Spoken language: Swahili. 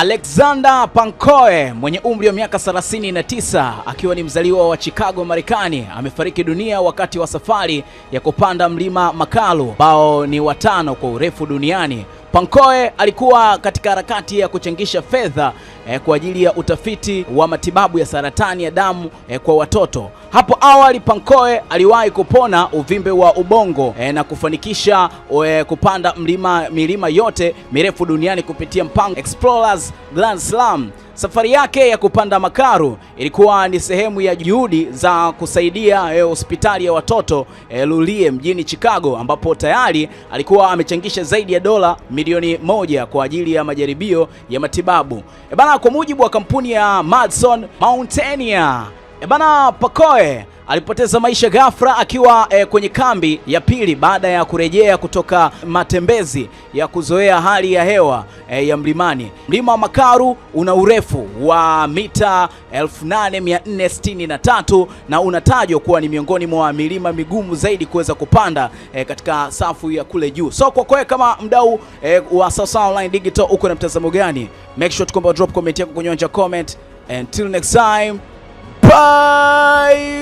Alexander Pankoe mwenye umri wa miaka 39 akiwa ni mzaliwa wa Chicago, Marekani amefariki dunia wakati wa safari ya kupanda mlima Makalu ambao ni watano kwa urefu duniani Pankoe alikuwa katika harakati ya kuchangisha fedha eh, kwa ajili ya utafiti wa matibabu ya saratani ya damu eh, kwa watoto. Hapo awali Pankoe aliwahi kupona uvimbe wa ubongo eh, na kufanikisha eh, kupanda mlima milima yote mirefu duniani kupitia mpango Explorers Grand Slam. Safari yake ya kupanda makaru ilikuwa ni sehemu ya juhudi za kusaidia eh, hospitali ya watoto eh, Lulie mjini Chicago, ambapo tayari alikuwa amechangisha zaidi ya dola milioni moja kwa ajili ya majaribio ya matibabu. E bana, kwa mujibu wa kampuni ya Madison Mountaineer Ebana, Pakoe alipoteza maisha ghafla akiwa e, kwenye kambi ya pili baada ya kurejea kutoka matembezi ya kuzoea hali ya hewa e, ya mlimani. Mlima wa Makaru una urefu wa mita 8463 na unatajwa kuwa ni miongoni mwa milima migumu zaidi kuweza kupanda e, katika safu ya kule juu. So kwa kama mdau e, wa Sawasawa Online Digital uko na mtazamo gani? Make sure tukomba drop comment yako kwenye comment. Until next time. Bye.